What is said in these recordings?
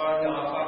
قال عطاء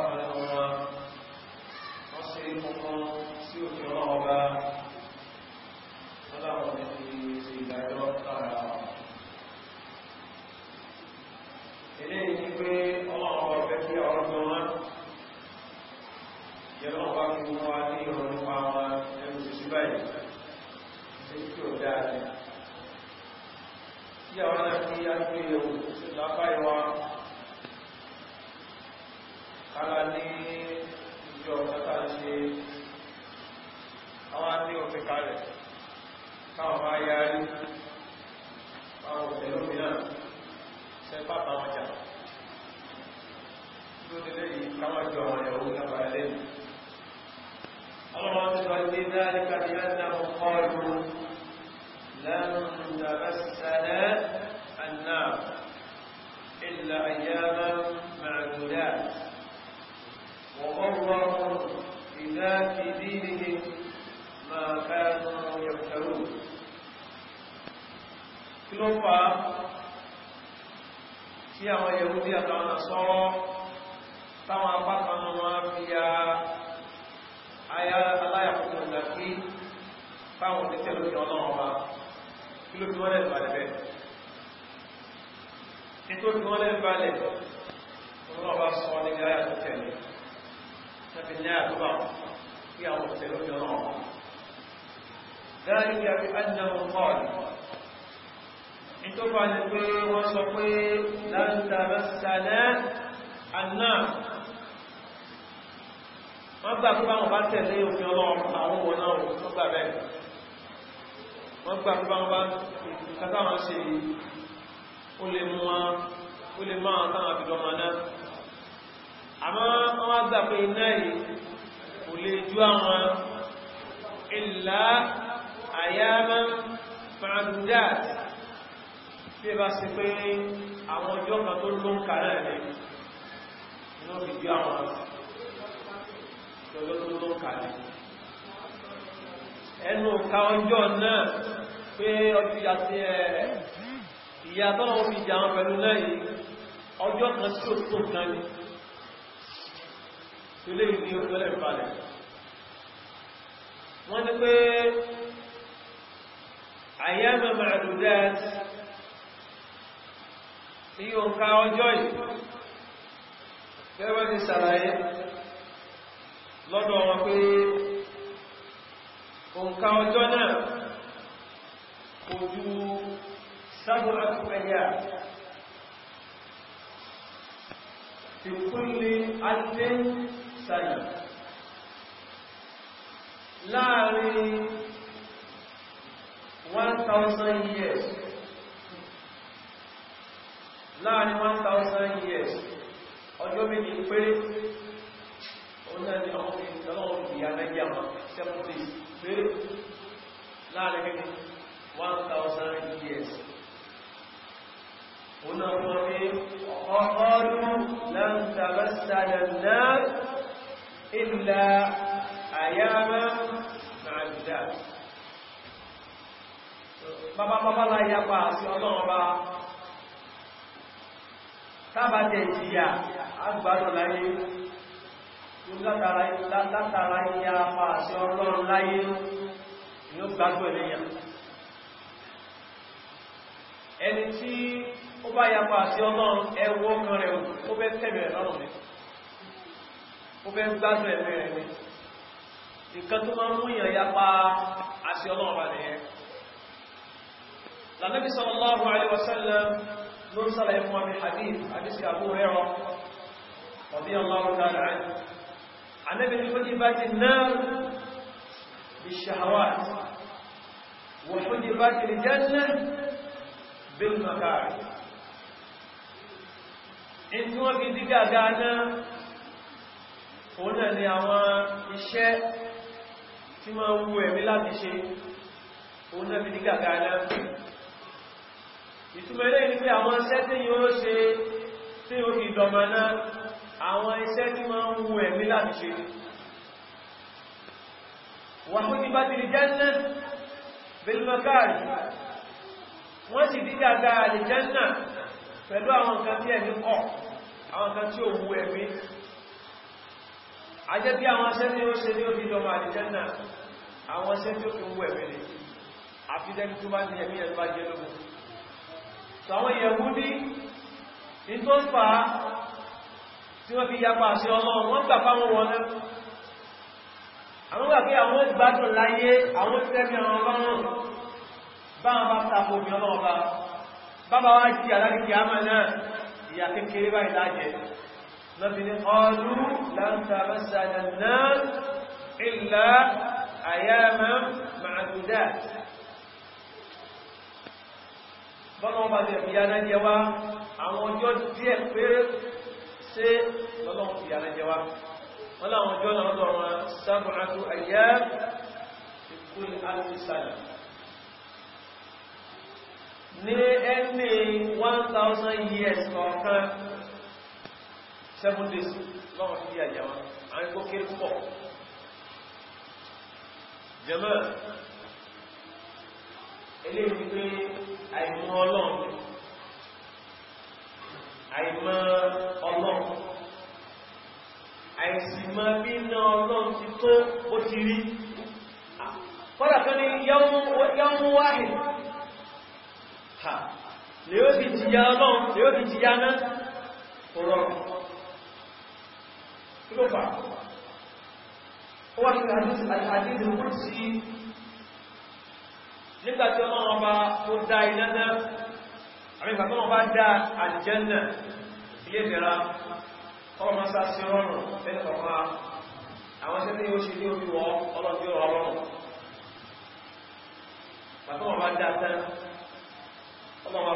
لن تمسنا النار wọ́n gbà pé báwọn bá tẹ̀lé òfin ọlọ́run àwọn òun náà wọ́n gbà bẹ́ẹ̀ wọ́n gbà pé báwọn bá kátà wọn ṣe ó lè mú wọn ó lè máa táwọn àbìdọ́ máa náà àmọ́ wọ́n wá gbà pé iná yìí kò lè ju àwọn ìlà àyàmọ́ fàdúdà tí ẹ bá ṣe pé àwọn ọjọ́ kan tó ló ń kà náà ní iná fi bí àwọn ọjọ́ tó ló ń kà ní ẹnu ka ọjọ́ náà pé ọjọ́ àti ẹ̀ ìyá tọ́lọ́wọ́ fi jà wọn pẹ̀lú náà yìí ọjọ́ kan sí òtò kan ní ilé ìní ọjọ́lẹ̀ ìbàlẹ̀ wọ́n ní pé àyẹ́mẹ̀ ní òǹkà ọjọ́ yìí gẹ́gẹ́ ti ṣàlàyé lọ́dọ̀ wọn pé òǹkà ọjọ́ náà kò ju sábọ̀ àtúnpẹ̀yà fi kúnlé adé sàyà láàrin 1000 years láàrin 1000 years ọjọ́ méjì péré ọ̀nà ni ọmọ ìtọ́lọ́wọ́ ìyá nàíjíríà wọn 7 days péré láàrin méjì 1000 years ọ̀nà wọn ni ọ̀họ́rún lan tabassana an-nar illa ayyaman ma'dudat bàbá bàbá láyé apá sí ọlọ́run tábàtẹ̀ ìjìyà agbádùn láyé látara ìyá pàṣẹ ọlọ́run láyé ni ó gbádùn ènìyàn ẹni tí ó bá ya pàṣẹ ọlọ́run ẹwọ́ ọkàn rẹ̀ ó bẹ́ tẹ̀mẹ̀ lọ́rùn mi ó bẹ́ gbádùn ẹ̀mẹ̀ rẹ̀ mi nǹkan tó máa ń mú ìyàn ya pa àṣẹ ọlọ́run balẹ̀ yẹn lànàbí sallallahu alaihi wasallam lórí sálẹ̀ fún àmì hadith àdísì Abu Hurairah radiyallahu ta'ala anhu Ànábì ní hudibati an-nar bish-shahawat wa hudibati al-jannah bil-makarih inú wọ́n fi dígà gáná òun náà ni àwọn iṣẹ́ tí máa ń wú ẹ̀mí láti ṣe òun náà fi dígà gáná ìtumọ̀ ilé ní pé àwọn iṣẹ́ tí yóò ṣe tí ó fi dọ̀mọ̀ náà àwọn iṣẹ́ tí máa ń wu ẹ̀mí láti ṣe wọ́n fún ìbá ti rí jẹ́nà bilmakari wọ́n sì dí gàgà àlè jẹ́nà pẹ̀lú àwọn nǹkan tí ẹ̀mí kọ̀ àwọn nǹkan tí ó wu ẹ̀mí a bí àwọn iṣẹ́ tí ó ṣe ní ó fi dọ̀mọ̀ àlè jẹ́nà àwọn iṣẹ́ tí ó fi wu ẹ̀mí ni àfidẹ́ni tó bá ní ẹ̀mí ẹ̀ sàwọn yẹ̀húdí ní tó ń fà á tí wọ́n fi yapa sí ọlọ́run wọ́n gbà fáwọn wọlé àwọn gbàgbé àwọn ìgbádùn láyé àwọn tẹ́bí àwọn ọlọ́run báwọn bá sàpò mi ọlọ́run bá bábá wá jí àdáríkì àmà náà ìyà kékeré báyìí lájẹ bọ́lọ́wọ́ bá jẹ fìyàná jẹ wá àwọn ọjọ́ díẹ̀ péré sí lọ́lọ́wọ́ fìyàná jẹ wá wọ́n láwọn ọjọ́ náà lọ wọn sábàtú ayé ìkún 1000 years kọ̀ọ̀kan 7 days lọ́wọ́ fìyàná jẹ wá àwọn ikó kéré eléyìí ni pé àìmọ̀ ọlọ́run àìmọ̀ ọlọ́run àìsìmọ̀ bí iná ọlọ́run ti tó ó ti rí kọ́lá kan ní yọ́mú wáhì lè ó fi jìyà ọlọ́run lè ó fi jìyà náà kò rọrùn kí ló fà ó wá ní àdíjì àdíjì nígbàtí ọlọ́run bá tó dá iná náà àmì ìgbàtí ọlọ́run bá dá àlìjẹ́nà ilé ìdẹ̀ra ọlọ́run máa sáàsí rọrùn tẹ́lẹ̀ kọ̀ọ̀kọ́ àwọn tẹ́ tí ó ṣe ní orí wọ ọlọ́dún ọlọ́run bàtọ́ wọn bá dá tán ọlọ́run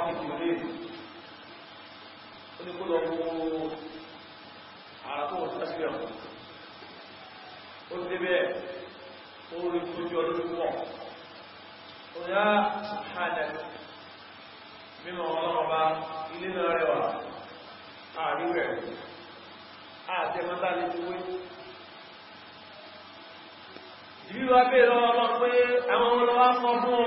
bá ọ̀yá ṣùhánẹ̀ mímọ̀ ọlọ́ọ̀bá ilé náà rẹwà àríwẹ̀ àtẹmọ́tà lè ti wé ìbí wa bèèrè ọlọ́ pé àwọn olówá kọ fún ọ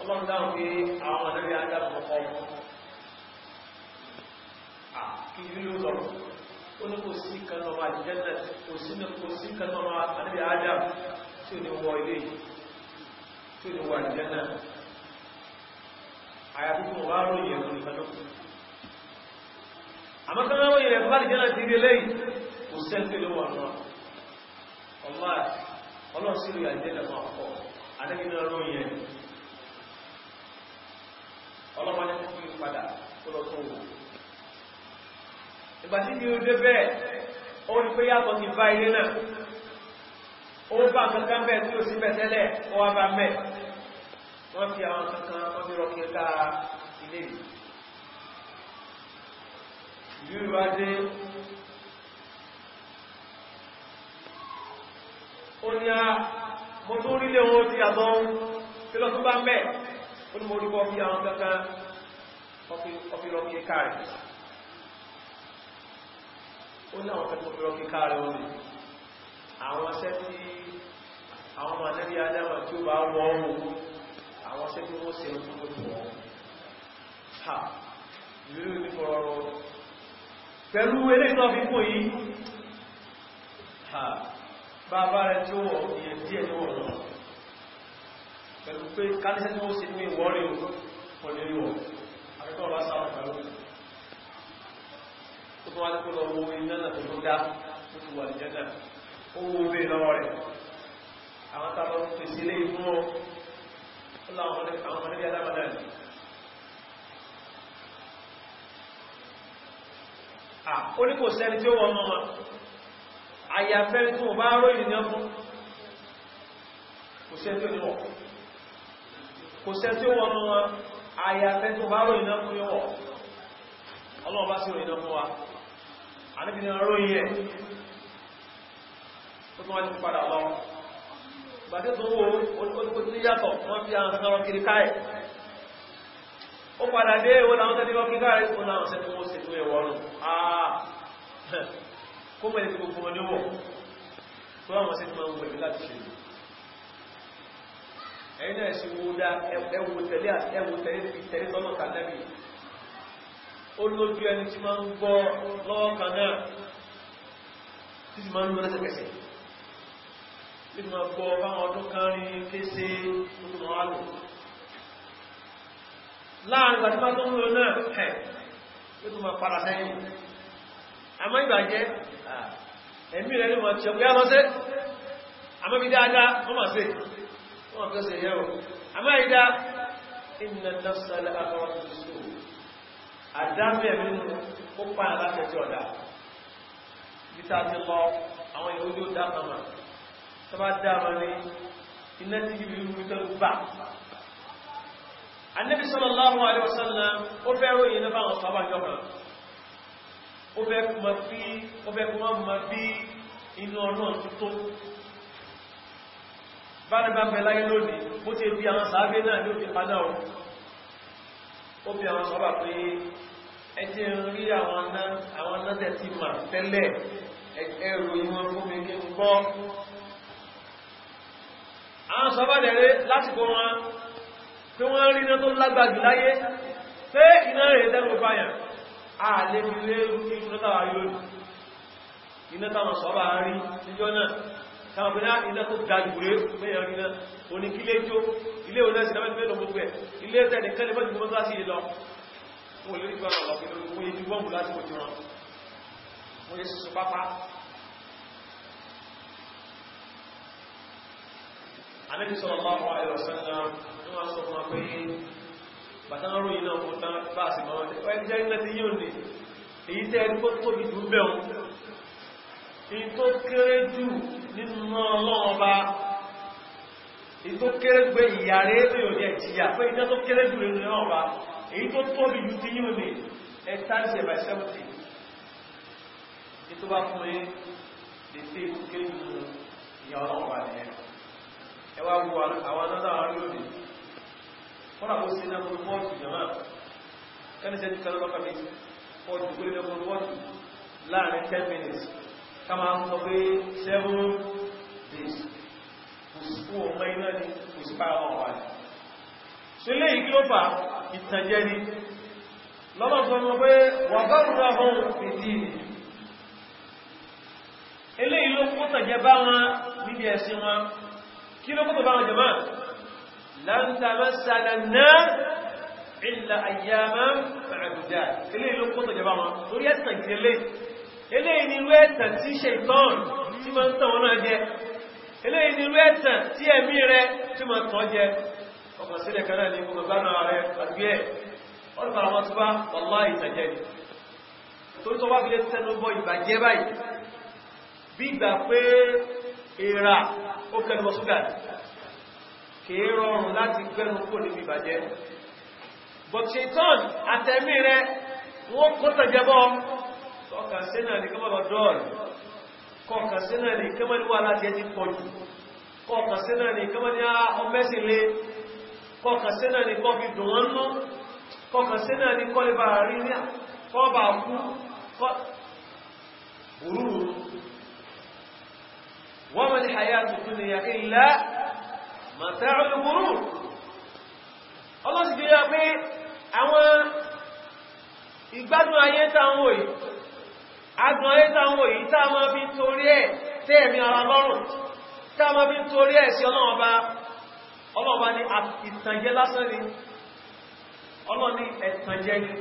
ọlọ́run dáhùn pé àwọn ọ̀nàrí adágún kọ kí ìlú lọ ó ní kò sí kanáà àjẹ́jẹ́ kò sí kanáà àdébí adágún tí ò ní wọ ilé tí ò ní wọ àjẹ́ náà àyàfi tí wọ́n wá ròyìn ẹ̀rọ ìfẹ́lọ́ àmọ́ tí wọ́n ròyìn ẹ̀kọ́ àjẹ́ náà ti rí eléyìí kò sẹ́ńtì ló wà náà ọlá ọlọ́sí rí àjẹ́ náà máa pọ̀ àdẹ́gbẹ́ náà ròyìn ẹ̀ ọlọ́mọdé padà tó lọ tó wù ìgbà tí mi ò ó ní pé yàtọ̀ ti bá ilé náà ó bá kankan bẹ́ẹ̀ tí ó sí bẹ̀ tẹ́lẹ̀ ó wá bá mẹ́ wọ́n fi àwọn kankan wọ́n fi rọ̀kì lára ilé ìlú ìwá dé ó ní a ah, mo tó rílé wọn ti àbọ̀ tí lọ tó bá mẹ́ ó ní mo rí bọ́ fi àwọn kankan ọfi rọ̀kì káàrẹ̀ ó ní àwọn kankan ọfi rọ̀kì káàrẹ̀ ó àwọn ṣẹ́ tí àwọn ọmọ anẹ́bí adama tí ó bá wọ́ ohun àwọn ṣẹ́ tí wọ́n ṣe ojú ojú wọn ha lórí ní fọ́rọ̀rọ̀ pẹ̀lú eré náà fi kò yìí ha bàbá rẹ̀ tí ó wọ̀ iye díẹ̀ ní wọ̀n náà pẹ̀lú pé káníṣẹ́ tí wọ́n ṣe ní ìwọ́rí ohun pọ̀ lórí wọn akẹ́kọ̀ọ́ bá sáwọn pẹ̀lú tó tó wo iná náà tó ló dá ó ti wà owó bè lọ́wọ́ rẹ̀ àwọn tàbí ó pèsè ilé ìfún ọ láwọn ọmọdé alámọ̀dá ni ó ní kò tí ó wọ́n mọ́ wọn àyàfẹ́ tí wọ́n bá ròyìn ní ọkùn kò tí ó wọn àyàfẹ́ tí ó tún wá ní padà lọ gbàdé tó wó ó tún yàtọ̀ wọ́n fi àwọn kankan kiri káyẹ̀ ó padà dé èwo làwọn tẹ́lẹ̀ lọ kiri káyẹ̀ ó láwọn sẹ́ni wọ́n sì tún ẹ̀wọ̀ nù kó mẹ́rin tí gbogbo wọn ní wọ̀ tó àwọn sẹ́ni máa ń wọ̀ ní láti ṣe ẹ̀yìn náà sì wo dá ẹwù tẹ̀lé ẹwù tẹ̀lé tí ma gbọ́ báwọn ọdún kan rí kése ọdún wọn lò láàrin gbàtíbá tó ń lò náà ẹ̀ ó tún ma padà sẹ́yìn àmọ́ ìbàjẹ́ ẹ̀mí rẹ̀ ní ma ti ọgbẹ́ lọ́sẹ́ àmọ́ bí dáadáa wọ́n ma ṣe wọ́n kọ́ sí ẹ̀yẹ́wò àmọ́ ìdá ìnà nọ́sàlẹ̀ àwọn ọdún àdámẹ́ tó bá dáàmà ní iná tí ibi rúrú tó gbà annabi sallallahu alaihi wasallam ó fẹ́ ròyìn náà báwọn sábà jọba ó fẹ́ kuma fi ó fẹ́ kuma ma bí inú ọ̀nà tuntun bá ní bá ń bẹ láyé lónìí bó ti rí àwọn sàábé náà ní òfin padà ọ̀ ó fi àwọn sọ́bà pé ẹjẹ́ rí àwọn náà ti mà tẹ́lẹ̀ ẹ̀rọ àwọn sọ́bàdẹ̀rẹ́ lásìkò wọn tí wọ́n rí iná tó lágbàjù láyé pé iná rẹ̀ tẹ́lú báyàn ààlè fi lé ìrúnátàwà yóò iná táwọn sọ́bà rí níjọ́ náà táwọn pẹ̀lá ah, iná tó dájú rẹ̀ mẹ́yàn rí náà òní kí léjó ilé òun lẹ́sìn lọ́mọ́ ìgbẹ́lò gbogbo ẹ̀ ilé tẹ́lẹ̀ kẹ́lẹ̀ mọ́ ìgbọ́n láti lọ wọ́n lórí gbọ́n lọ́pẹ̀lú wọ́n yé ti pápá Ànábì sallallahu alaihi wasallam ní wọ́n sọ fún pé bàtánrò iná fún tán bá sì máa wọ́n ẹ̀ jẹ́ iná ti yíò ní èyí tẹ́ ẹni kó tóbi jù bẹ̀rún èyí tó kéré jù nínú ọlọ́run bá èyí tó kéré gbé ìyà rẹ̀ èyí ò ní ẹ̀jìyà pé iná tó kéré jù nínú ọlọ́run bá èyí tó tóbi jù ti yíò ní ẹ̀ tàìsẹ̀ ẹwà wo àwọn anọ́dá àwọn lóde fọ́nà kó sí náà fún mọ́ọ̀tù jama kẹ́nìṣẹ́ ti kẹ́lọ́ lọ́kàmí fọ́ọ̀tù kó lè fún mọ́ọ̀tù láàrin 10 minutes ká máa ń sọ pé 7 days kò sí fún ọmọ iná ni kò sí pàrọ̀ wọn wà ní ṣe lè yìí kí ló fà ìtànjẹ ni lọ́nà tó mọ́ pé wà bá rúra hàn eléyìí ló kó tànjẹ bá wọn níbi ẹ̀sìn wọn kí ló kọ́tọ̀ bá wọn jẹ̀mọ́ láńtàmẹ́sàdà náà ìlà àyàmá màájújá ilé ìlú kọ́tọ̀ jẹ̀mọ́ wọn lórí ẹ̀sàn ìtẹ́lẹ̀ ilé ìnirú ẹ̀sàn tí ṣe ìtọ́n tí ma ń tàn wọn náà jẹ ilé ìnirú ẹ̀sàn tí ẹ̀mí rẹ tí ma tàn jẹ ọmọ sílẹ̀ kan náà èèrà ó kẹnubọ̀ ṣúgà kìí rọrùn láti gbẹ́nu kò níbi ìbàjẹ́ bọ̀tìtọ́n àtẹ̀mí rẹ wọ́n kọ́tọ̀ jẹbọ́ kọkàn sínà ní kọmọ̀lọ̀ dọ́ọ̀lù kọkàn sínà ní kọmọ̀lúwà ah, láti ẹ ti pọ̀jù kọkàn sínà ní kọmọ̀lúwà ọmẹ́sìnlé kọkàn sínà ní kọfí dùnwọ́nú kọkàn sínà ní kọlẹ̀bà rí ní kọba kú wa mal hayatud dunya illa mata'ul ghurur ọlọ́sì fi yá pé àwọn ìgbádùn ayé táwọn òyí agbọn ayé táwọn òyí táwọn fi torí ẹ̀ tẹ́ẹ̀mí ara lọ́rùn táwọn fi torí ẹ̀ sí ọlọ́ọ̀bá ọlọ́ọ̀bá ní ìtànjẹ lásán ni ọlọ́ọ̀ ní ẹ̀tànjẹ ni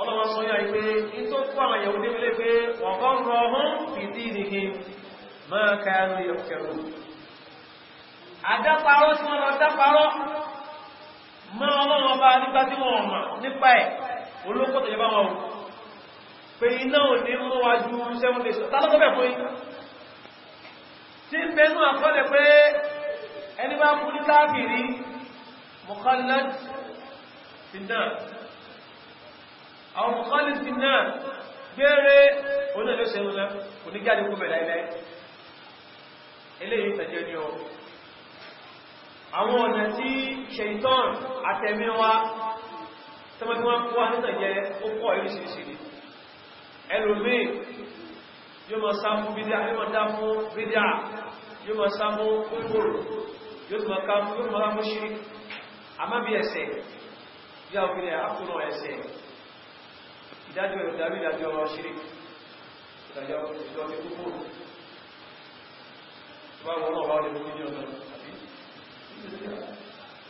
ọlọ́wọ́ sọ yá pé ní tó kó àwọn ìyàwó dé ma kanu yaftarun àdáparọ́ tí wọ́n lọ dáparọ́ mọ́ ọlọ́run ọba nígbà tí wọ́n mọ̀ nípa ẹ̀ olóko tó yẹba wọn pé iná ò ní mú wa ju seven days ta lọ́tọ́ bẹ̀ fún yín tí ń bẹnu àkọọ́lẹ̀ pé ẹni bá kú ní káàkiri kò ní jáde kó bẹ̀ láìláì eléyìí ìtẹ̀jẹ́ ní ọ àwọn ọ̀nà tí ṣeìtàn àtẹ̀míwá tọ́mọ́tí wọ́n kó nítẹ̀jẹ́ ó pọ̀ ìrísìírísìí ẹlòmí yóò mọ̀ sáfún bídíà yóò mọ̀ dá fún bídíà yóò mọ̀ sáfún kúrò yóò mọ̀ ká fún mọ́ láfún ṣírí àmá bí ẹsẹ̀ bí a òfin àkúnà ẹsẹ̀ ìdájọ́ ìdájọ́ ìdájọ́ ṣírí ìdájọ́ ìdájọ́ bá wọn náà wá lè fún mílíọ̀nù àbí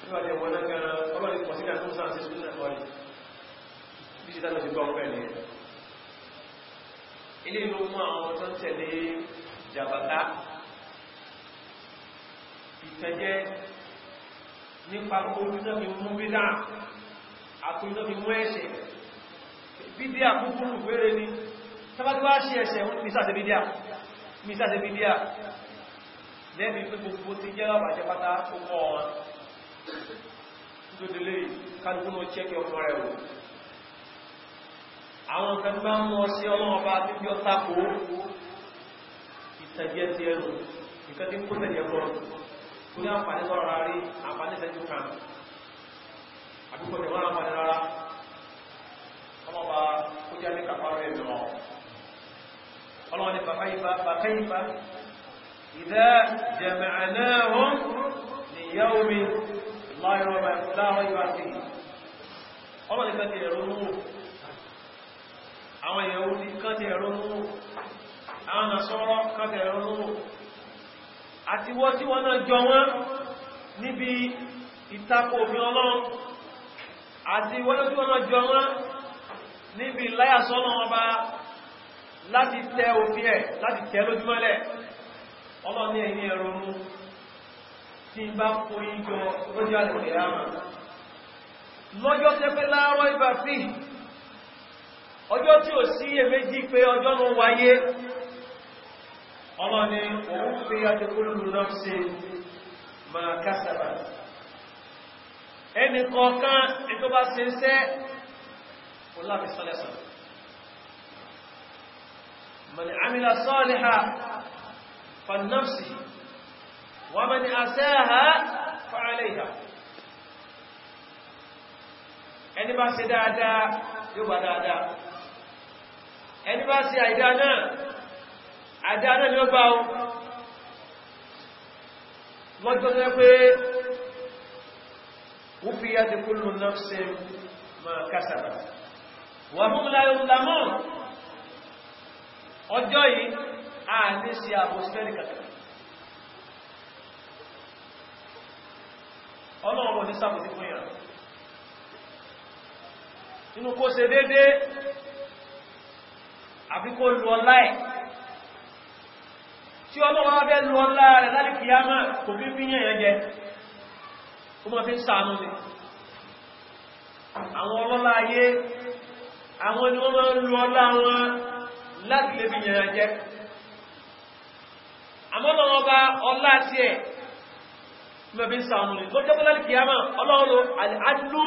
nígbà tí wọn náà gan ọlọ́rin pọ̀ sí kàtún sáà sí súnà kọ́ ni bí ṣe tánà ti gbọ́ pẹ̀ ní ilé ló mú àwọn tó ń tẹ̀lé jàbàtà ìtẹ́jẹ́ nípa olùdó mi mú bí dáa àkùnjọ́ mi mú ẹ̀ṣẹ̀ bídíà kúkúrú fẹ́rẹ́ ni tábàtí wá ṣe ẹ̀ṣẹ̀ wọn ní sáà lẹ́bi pé gbogbo tí jẹ́ lábàjẹ́ pátá ó kọ́ wọn lódélé kálukú mọ́ chẹ́kẹ́ ọkọ̀ rẹ̀ wò àwọn kan bá mú ọ sí ọlọ́wọ́ bá tí bí ọ tako ìtẹ̀jẹ́ ti ẹnu nǹkan tí ń kó tẹ̀jẹ́ bọ́ tó ní àǹfààní sọ́rọ̀ rí àǹfààní sẹ́jú kan àdúgbò tẹ̀wọ́ àǹfààní rárá ọlọ́ba ó jẹ́ ní kàfàrọ̀ ẹ̀mọ́ إذا جمعناهم ليوم لا ريب فيه ọmọ nìkan ti ẹ̀rọ mú àwọn ìyàwó ní kan ti ẹ̀rọ mú àwọn nàṣọ́rọ́ kan ti ẹ̀rọ mú àti wọ́n tí wọ́n náà jọ wọ́n níbi ìtakò òfin ọlọ́run àti wọ́n tí wọ́n náà jọ wọ́n níbi láyàsọ́nà ọba láti tẹ òfin ẹ̀ láti tẹ lójúmọ́lẹ̀ ọlọ́ni ẹ̀yìn ẹ̀rọ mú tí bá kó ìjọ lójú àtẹ̀lẹ̀ àmà lọ́jọ́ tẹ́ pé láàárọ̀ ibà sí ọjọ́ tí ò sí èméjì pé ọjọ́ ló wáyé ọlọ́ni òun fi àtẹ̀kúrú náà sí ma kásàbà ẹni kọ̀ọ̀kan ètò bá ṣe iṣẹ́ ọlábìsọ́lẹ̀sọ̀ mọ̀lẹ̀ àmìlà sọ́ọ̀lẹ̀ ha فلنفسه ومن أساها فعليها ẹni bá ṣe dáadáa yóò bá dáadáa ẹni bá ṣe àìdá náà àìdá náà ni ó bá o lọ́jọ́ tó pé wúfíyà ti kúlù náà ṣe ma kásàrà wà mú láyé ọjọ́ yìí a ní ṣe àbòsílẹ́rì kankan ọlọ́run bọ̀ ní sàbòsí fún yàn nínú kó ṣe dédé àbí kó lù ọlá ẹ̀ tí ọlọ́run wá fẹ́ lù ọlá rẹ̀ láti kìyàmà kò fi fi yẹ̀yẹ̀ jẹ ó mọ́ fi ń sàánú ni àwọn ọlọ́lá ayé àwọn ni wọ́n máa ń lù wọn láti lè fi yẹ̀yẹ̀ jẹ àmọ́ lọ́wọ́ bá ọlá tí ẹ̀ mẹ́ bí sàánú ní lọ́jọ́ pẹ́lá kìí àmà ọlọ́ọ̀lọ́ àdìlú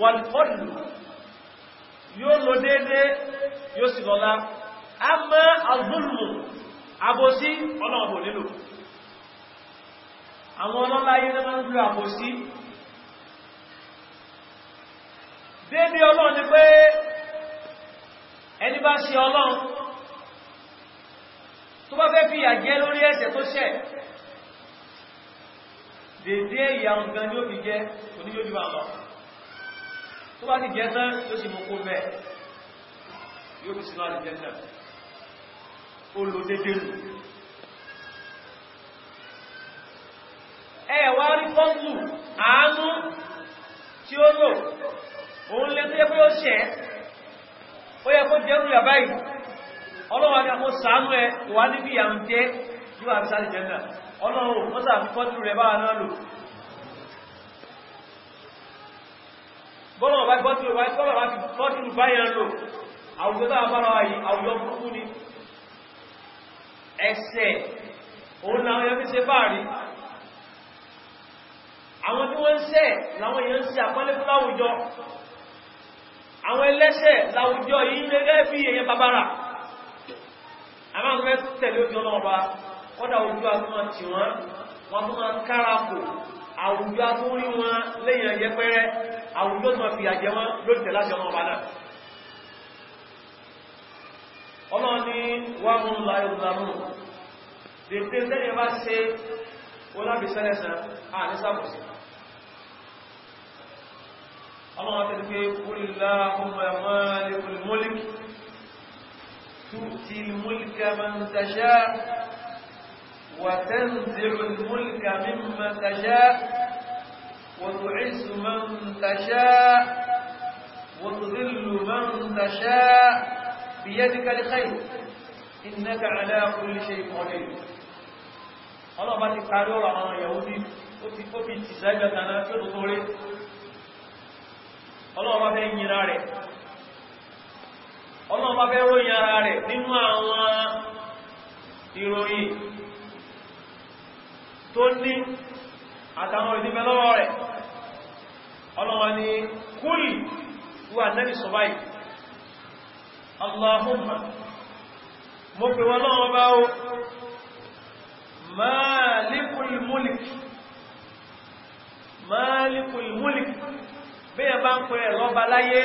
wàlùfọ́lù yóò lọ déédé yóò sì lọ́lá a mọ́ àgbùlù àbòsí ọlọ́ọ̀bò nílò àwọn ọlọ́lá ayé náà ń lo àbòsí déédé ọlọ́ọ̀ ẹni bá ṣe ọlọ́ọ̀ tó bá fẹ́ fi ìyà jẹ lórí ẹ̀ṣẹ̀ tó ṣẹ̀ dèdè ìyà nǹkan ni ó fi jẹ kò ní yójú àmọ́ tó bá ti jẹ tán yóò sì mú kó bẹ́ẹ̀ yóò fi sínú àdìjẹ́ náà ó lo dédé nù ẹ wá rí pọ́ńpù àánú tí ó lò òun lẹ́tọ́ yẹ pé ó ṣẹ̀ ó yẹ kó jẹ́rù yà báyìí ọlọ́wọ́ ni àwọn sàánú ẹ wà níbi ìyà ń jẹ́ yíò àti sáré jẹ́nà ọlọ́wọ́ wọ́n sàfi kọ́tù rẹ̀ báwa náà lò bọ́lọ̀ bá kọ́tù rẹ̀ bọ́lọ̀ bá kọ́tù báyàn lò àwùjọ tó àbára wa yìí àwùjọ burúkú ni ẹsẹ̀ òun làwọn yẹn fi ṣe báàrí àwọn tí wọ́n ń ṣẹ̀ làwọn èèyàn ń ṣe àpọ́nlé fún láwùjọ àwọn ẹlẹ́ṣẹ̀ láwùjọ yìí lẹ́gẹ́ bí èèyàn bàbára àbáwọn tó fẹ́ tẹ̀lé òfin ọlọ́run bá kọ́dà ojú àtúmọ̀ tì wọ́n wọ́n tó máa kárapò àwùjọ àtúrí wọn lẹ́yìn ẹ̀yẹpẹrẹ àwùjọ tó máa fi àjẹ wọn lórí tẹ̀lá sí ọlọ́run bá náà ọlọ́run ní wọ́n mú la ìlànà dèdè tẹ́lẹ̀ bá ṣe olábìsẹ́lẹ̀sàn àníṣàbòsí ọlọ́run tẹ́lẹ̀ pé kúrìlá ọmọ ẹ̀mọ́ تؤتي الملك من تشاء وتنزع الملك ممن تشاء وتعز من تشاء وتذل من تشاء بيدك الخير إنك على كل شيء قدير الله bá ti parí يهودي، àwọn ìyàwó ní ó ti kó bí ti ọlọ́run bá fẹ́ ròyìn ara rẹ̀ nínú àwọn ìròyìn tó ní àtàwọn ìdíbẹ̀ lọ́wọ́ rẹ̀ ọlọ́run ni kúlì wà nẹ́bì sọ báyìí allahumma mo pè wọn lọ́wọ́ bá ó máàlìkùl múlìk máàlìkùl bí ẹ bá ń pẹ̀rẹ̀ lọ́ba láyé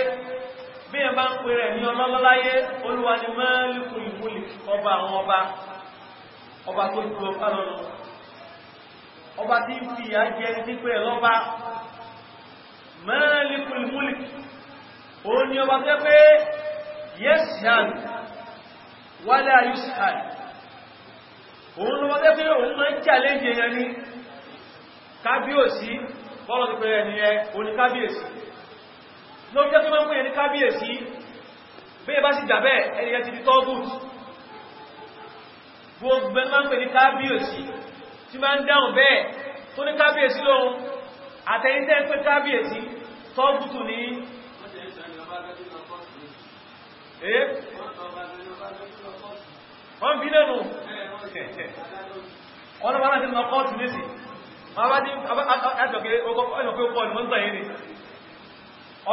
bí ẹ bá ń pèrè ní ọlọ́lọ́láyé olúwa ni mẹ́lìkù ìmúlì ọba àwọn ọba ọba tó ju ọba lọ́nà ọba tí ń fi ìyá jẹ ní pé lọ́ba mẹ́lìkù ìmúlì ní ọba tẹ́ pé yẹ́sìhàn wálé ayúsìhàn òun lọ́ba tẹ́ pé òun máa ń yẹn ní bọ́lọ̀ ti ẹ ló jẹ́ tó máa ń pè ní kábíyèsí bí ẹ bá sì dàbẹ́ ẹniyẹ ti di tọ́gùt gbogbo máa ń pè ní kábíyèsí tí máa ń dáhùn bẹ́ẹ̀ tó ní kábíyèsí lóhun àtẹ̀yìntẹ́ ń pè kábíyèsí tọ́gùtù ní wọ́n bí lẹ́nu wọ́n lọ́wọ́ láti lọ kọ́ọ̀tù nísì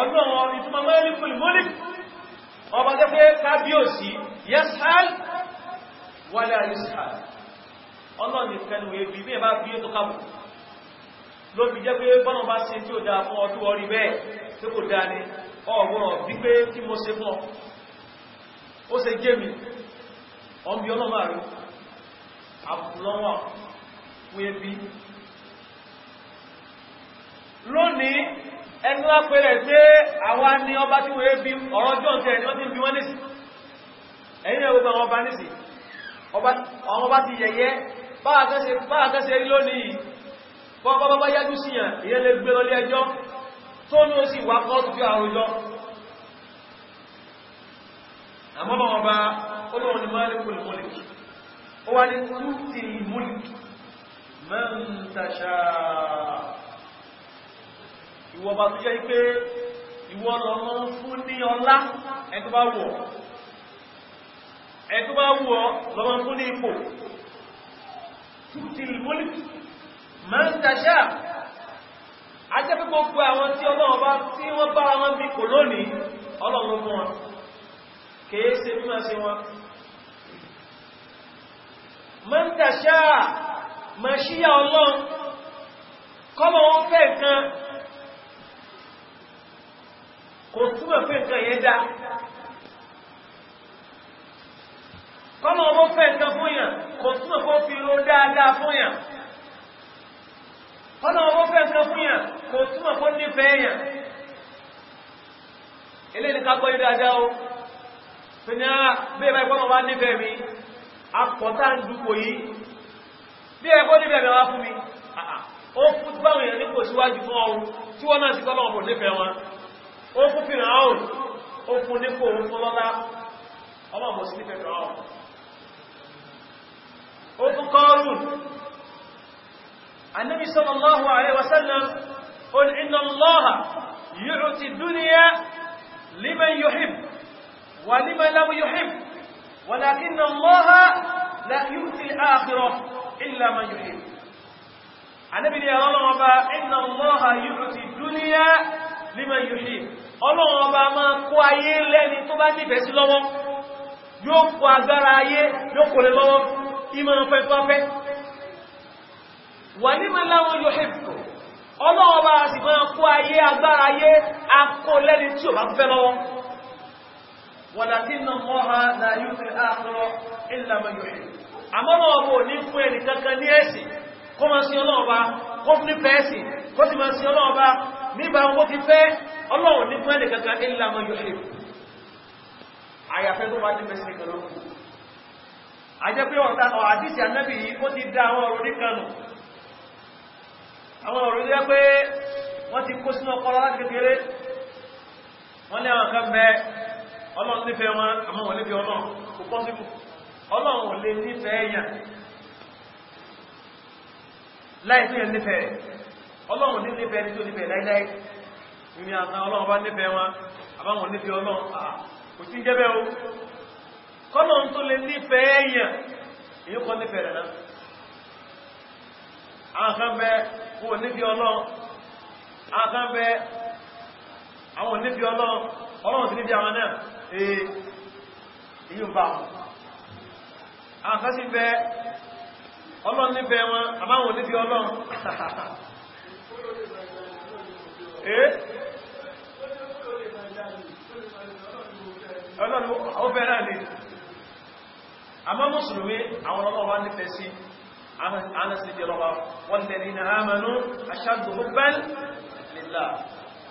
ọlọ́run ìtumọ̀ mẹ́lìkùn mọ́lìk ọba jẹ́ pé kábíòsí yẹ́sàl wàlẹ̀ àyíṣàl ọlọ́run ìfẹ́nu ebi bí ẹbá bí ètò kàbù ló fi jẹ́ pé bọ́nà bá ṣe tí ó dáa fún ọdún orí bẹ́ẹ̀ tí kò dáa ní ọgbọ̀n bí pé lónìí ẹni wá pẹ̀rẹ̀ pé àwa ni ọba tí wọ́n bí ọ̀rọ̀ john tẹ́ ẹni wọ́n ti bí wọ́n nìsí ẹ̀yìn ẹ̀wọ́ gbọ́n ọba nìsí àwọn ọba ti yẹ̀yẹ́ báàkẹ́sẹ̀ rí lónìí bọ́bọ́bọ́ yájú síyàn ìyẹn lè gbé lọlé ẹjọ́ tó ní ó sì wá kọ́ọ̀tù bí àrùjọ àmọ́bọ̀ ọba olóhun ni malikul mulk ó wá ní ìwọ̀ba tó jẹ́ pé ìwọ lọ́mọ ń fún ní ọlá ẹ tó bá wọ̀ ẹ tó bá wọ̀ lọ́mọ ń fún ní ipò tutil mulk man tasha a jẹ́ pé gbogbo àwọn tí ọlọ́run bá tí wọ́n bára wọn bí kò lónìí ọlọ́run fún kọ́mọ̀ wọn fẹ́ nǹkan kò túmọ̀ pé nǹkan yẹn dá kọ́nà ọmọ fẹ́ nǹkan fún yàn kò túmọ̀ kó fi ro dáadáa fún yàn kọ́nà ọmọ fẹ́ nǹkan fún yàn kò túmọ̀ kó nífẹ̀ẹ́ yàn ilé ní kápọ̀ yìí dáadáa o fi ní á ah, bí ẹ̀bá ìpọ́nà bá nífẹ̀ẹ́ mi akọ̀tà ń dúpọ̀ yìí bí ẹ̀kọ́ nífẹ̀ẹ́ mi wá fún mi ah, ah. ó fún báwọn èèyàn nípò síwájú fún ọrùn tí wọ́n náà sì kọ́nà ọmọ nífẹ̀ẹ́ wọn ó fún fìràn áhùn ó fún nípò òun fún lọ́lá ọmọ mọ̀ sí ní fẹ̀rẹ̀ áhùn ó fún kọrùn annabi sallallahu alaihi wasallam ó ní inna allaha yu'ti dunya liman yuhib wa liman lam yuhib walakinna allaha la yu'ti al-akhirah illa man yuhib annabi ni ọlọ́wọ́ inna allaha yu'ti dunya liman yuhib ọlọ́run ọba máa kó ayé lẹ́ni tó bá nífẹ̀ẹ́ sí lọ́wọ́ yóò kó agbára ayé yóò kò lè lọ́wọ́ ìmọ̀ pẹ́pẹ́pẹ́ wà ní mẹ́láwọn yóò hìbò ọlọ́run ọba sì máa kó ayé agbára ayé akó lẹ́ni tí ò bá fẹ́ lọ́wọ́ níbà wọ́n ti fẹ́ ọlọ́run ní fún ẹ̀lẹ̀ kankan ilá mọ́ yóò ṣe àyàfẹ́ tó bá ti mẹ́sìn kan ló kù àjẹ́ pé ọ̀tá àdísì ànábì yìí ó ti dá àwọn ọ̀rọ̀ níkanù àwọn ọ̀rọ̀ tó yẹ pé wọ́n ti kó sínú ọpọlọ láti kékeré wọ́n ní àwọn kan bẹ ọlọ́run nífẹ̀ẹ́ wọn àmọ́ wọn nífẹ̀ẹ́ ọlọ́run kò pọ́sibú ọlọ́run ní nífẹ̀ẹ́ ní tó nífẹ̀ẹ́ láíláí ìrìn àtàn ọlọ́run bá nífẹ̀ẹ́ wọn àbáwọn nífẹ̀ẹ́ ọlọ́run kò sí jẹ́bẹ́ o kọ́nà tó lè nífẹ̀ẹ́ èèyàn èyí kọ́ nífẹ̀ẹ́ rẹ̀ náà àwọn kan bẹ kó nífẹ̀ẹ́ ọlọ́run àwọn kan bẹ àwọn nífẹ̀ẹ́ ọlọ́run ọlọ́run sí nífẹ̀ẹ́ àwọn náà èyí èyí ń bá wọn àwọn kan sì bẹ ọlọ́run nífẹ̀ẹ́ wọn àbáwọn nífẹ̀ẹ́ ọlọ́run Eh? ọlọ́run ó bẹ̀rẹ̀ ní àmọ́ mùsùlùmí àwọn ọlọ́wà nífẹ̀ẹ́ sí anásìdí ọlọ́wà wọ́n tẹ̀lé ní àmànú aṣáàdù hubban lillah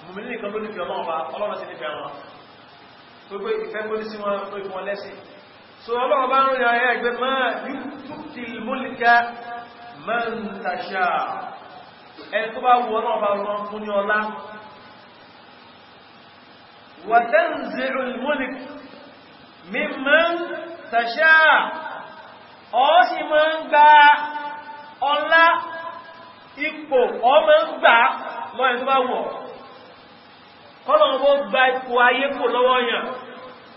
mùmìnì nìkan ló nífẹ̀ẹ́ ọlọ́wà ọlọ́wà sí nífẹ̀ẹ́ wọn gbogbo ìfẹ́ kó ní sí wọn tó ìfún ọlẹ́sìn so ọlọ́wà bá ń rìn ayẹ́ ẹgbẹ́ máa yú tó ti múlìkà man tasha ẹni tó bá wù ọ́ náà bá rán fún ní ọlá wàtẹ́ǹzẹ̀rù múlì mímọ́ tàṣà ọ́ sì máa ń gba ọlá ipò ọ́ máa ń gbà lọ́ ẹni tó bá wù ọ́ kọ́nà ọmọ gba ipò ayé kò lọ́wọ́ yàn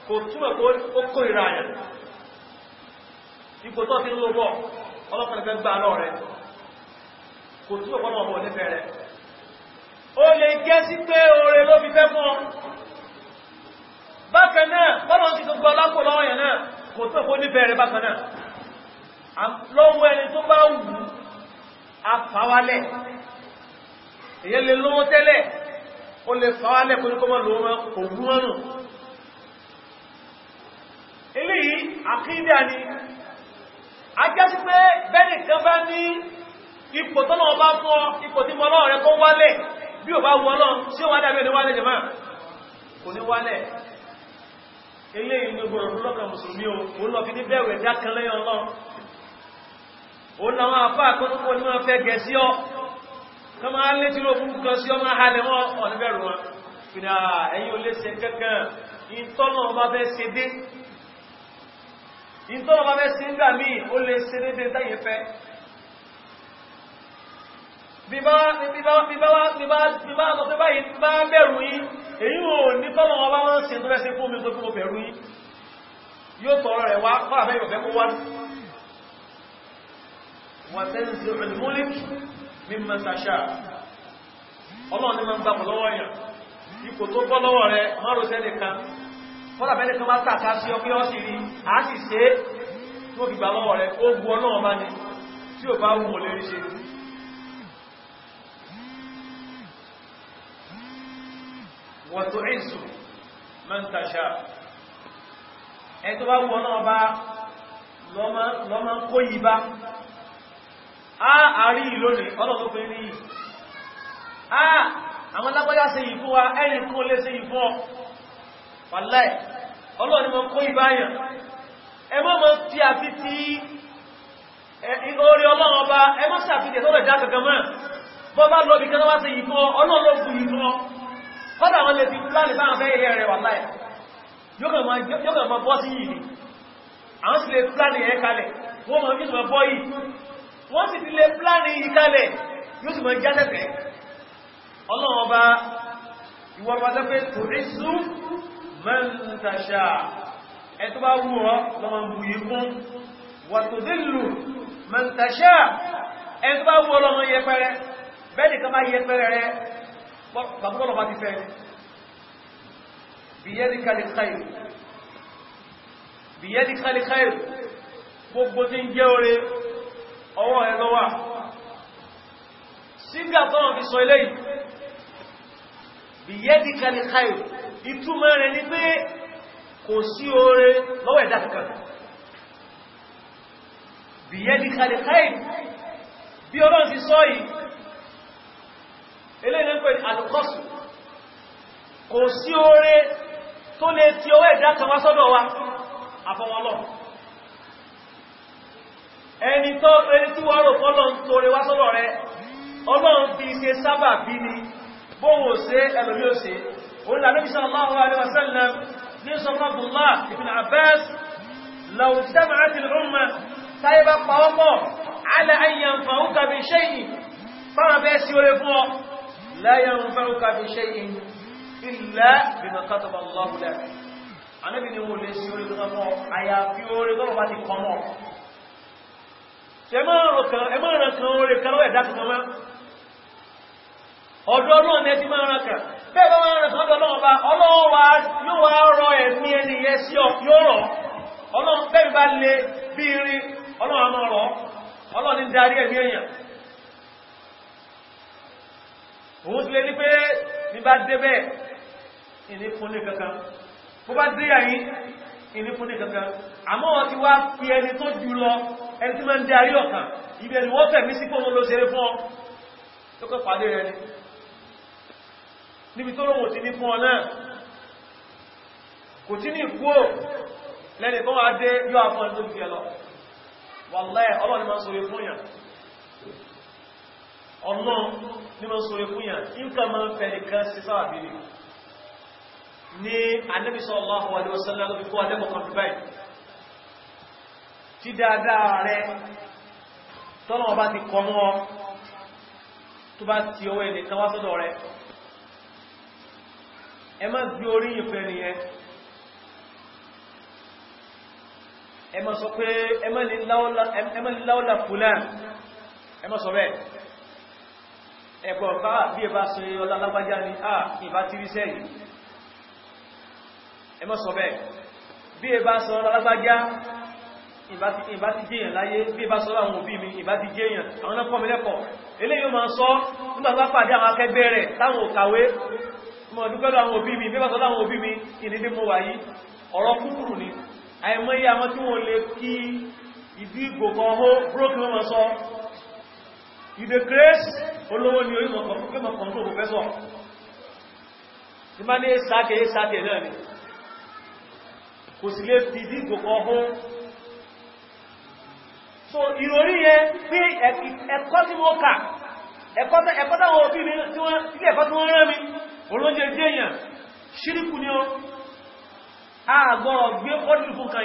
kò túnmọ̀ kó ó kó ìrà yàn ipò tó ti ń lọ bọ́ ọlọ́pàá kò tí ò kọ́nà ọmọ onífẹ́ rẹ̀ ó lè jẹ́ sí pé oore ló fi fẹ́ fún ọ bákan náà bọ́lọ̀ ti gbogbo ọlápò lọ́wọ́ yẹn náà kò tí òkú onífẹ́ rẹ̀ bákan náà lọ́wọ́ ẹni tó bá wù afáwálẹ̀ èyẹ lè lówó tẹ́lẹ̀ ó lè fáwálẹ̀ kó ní kó mọ́ lówó ògùn mọ́nù eléyìí àkídà ni a jẹ́ sí pé bẹ́nìkan bá ní ipò tọ́lọ̀ ọba fọ́ ipò tí mọ́lọ́ rẹ kọ́ wálẹ̀ bí o bá wọ́ lọ sí ó wádà mẹ́rin wálẹ̀ jẹ̀má kò ní wálẹ̀ ilé inú gbọ́rọ̀ mùsùlùmí o òun lọ fi ní bẹ̀rẹ̀ ẹ̀dá kan lẹ́yìn ọlọ́run òun làwọn afá àkọ́túnkọ́ ní wọ́n fẹ́ gẹ̀ sí ọ kọ́ máa lé tí lóòkú kan sí ọmọ halẹ̀ wọn ọ̀nà bẹ̀rù wọn fìdá ẹ̀yìn olè ṣe kankan ìtọ́nà ọba fẹ́ ṣe dé ìtọ́nà ọba fẹ́ ṣe ń gbà míì ó lè ṣe bíbá sọ pé báyìí bá bẹ̀rù yín èyí ò ní tọ́lọ̀ wọn bá wọ́n ṣe tó fẹ́ sí fún mi tó fún mo bẹ̀rù yín yóò tọrọ rẹ̀ wá kọ́ àbẹ́ ìrọ̀fẹ́ kó wá tẹ́lẹ̀ sí ọ̀rẹ́lmúlìk ní mẹ́sàṣà ọlọ́run ni ní وتعز من تشاء ẹni tó bá wọ́n náà bá lọ́mọ kó yìí a àrí ìlónìí ọlọ́pọ̀ pé rí a àwọn lágbọ́já ṣe yìí fún wa ẹ̀yìn ọ wàláì ọlọ́ni mọ́ kó ìbá yàn ẹmọ́ mọ́ tí a fi ti orí ọlọ́run ọba ẹmọ́ sàfihàn tó ọ kọ́dà wọn lè fi pláàlì bá àwọn ẹ̀yẹ rẹ̀ wà láyé yóò kàn máa bọ́ sí yìí ni àwọn sì lè pláàlì ẹ̀ kalẹ̀ wọ́n máa yóò bọ́ yìí wọ́n sì ti lè pláàlì yìí kalẹ̀ yóò sì máa já tẹ́tẹ̀ ọlọ́run ọba ìwọ ọba tó pé tòrísù mẹ́ntàṣà ẹ tó bá wù ọ́ lọ́mọ bù yìí fún wàtòdìlù mẹ́ntàṣà ẹ tó bá wù ọ́ lọ́mọ yẹpẹrẹ bẹ́ẹ̀ nìkan bá yẹpẹrẹ rẹ bàbúkọ́lọ̀ bá ti fẹ́ bìyẹ́dì kalikair gbogbo tí ń jẹ́ oore ọwọ́ ẹ lọ́wà sígbà tọ́wọ́n fi sọ ilé bìyẹ́dì kalikair ìtumọ̀ rẹ̀ ní pé kò sí oore lọ́wọ́ ẹ̀dá kankan bìyẹ́dì kalikair bí ọlọ́run ti sọ yìí eléyìí ń pè ní alùkọ́sù kò sí oore tó lè ti ọwọ́ ẹ̀dá kan wá sọ́dọ̀ wa àfọwọ́lọ́ ẹni tó ẹni tí wọ́n rò fọ́lọ́ ń torí wá sọ́dọ̀ rẹ ọlọ́run fi ṣe sábà bí ni bóhùn ṣe ẹlòmí ò ṣe orí lànàbí sallallahu alaihi bẹ́ẹ̀ sí orí fún ọ لا ينفعك بشيء إلا بما كتب الله لك أنا بني مولي سيوري لغمو أيا فيوري غمو باتي قمو ṣẹ́mọ́ ẹ̀rọ kan orí kanọ́wẹ̀ ìdákùnmọ́ mẹ́ ọ̀dọ̀ ọlọ́run ẹ̀dí máa rán kà bẹ́ẹ̀ bá máa rán kan ọdọ̀ ọlọ́run bá ọlọ́wà yóò wá rọ ẹ̀mí ẹni yẹ sí ọ̀pọ̀ rọ̀ ọlọ́run bẹ́ẹ̀ bá lè bí irin ọlọ́run òun ti lè ní pé ní bá débẹ̀ ìníkún ní kankan bó bá dé àyín ìníkún ní kankan àmọ́ wọ́n ti wá fi ẹni tó jù lọ ẹni tí máa ń darí ọ̀kan ibi ẹni wọ́n fẹ̀mí sí pọ́n ló ṣeré fún ọ tó kọ́ pàdé rẹ ni níbi tó lóhùn ti ní fún ọ náà kò tí ní ìkú ò wá dé yóò àfọ́n tó fi ẹ lọ wàlẹ́ ọlọ́ni máa ń sọ ọlọ́run ní wọ́n sọ ikúnyà nígbà máa ń fẹ́ni kan sí sáwà bíbí ní Ànábì sallallahu alaihi wasallam lọ́bí fún anẹ́bì kan bíbáyì tí dáadáa rẹ tọ́nà ọba ti kọ mọ́ tó bá ti ọwọ́ ẹnìkan wá sọ́dọ̀ rẹ ẹ má gbé orí ìfẹ́ nìyẹn ẹ má sọ pé ẹ má ní láọ́lá fúlẹ̀ ẹ má sọ bẹ́ẹ̀ ẹ̀gbọ́n bá bí ẹ bá sọ ọlá lágbájá ní à ìbá tí rí sẹ́yìn ẹ mọ́ sọ bẹ́ẹ̀ bí ẹ bá sọ ọlá lágbájá ìbá ti jẹ́yàn láyé bí ẹ bá sọ láwọn òbí mi ìbá ti jẹ́yàn àwọn náà kọ́ mi lẹ́kọ̀ọ́ eléyìí ó máa sọ nígbà tó bá pàdé àwọn akẹgbẹ́ rẹ̀ táwọn òkàwé mọ̀ dúpẹ́ láwọn òbí mi bí bá sọ láwọn òbí mi ìdílé mo wà yìí ọ̀rọ̀ kúkúrú ni àìmọye àwọn tí wọ́n lè kí ìdè grace olówó ni orí mọ̀kànlọ́ kọ̀ọ̀lọ́ professor ní má ní sáàkẹ̀ sáàkẹ̀ náà ni kò sí lè fi dìgbò kan hún so ìròrí yẹ pé ẹ̀kọ́ tí wọ́n kà ẹ̀kọ́ táwọn òbí mi tí wọ́n tí ẹ̀kọ́ tí wọ́n rẹ́ mi olóúnjẹ jẹ́ èèyàn ṣíríkù ni ó àgbọ̀ gbé ọdún fún kan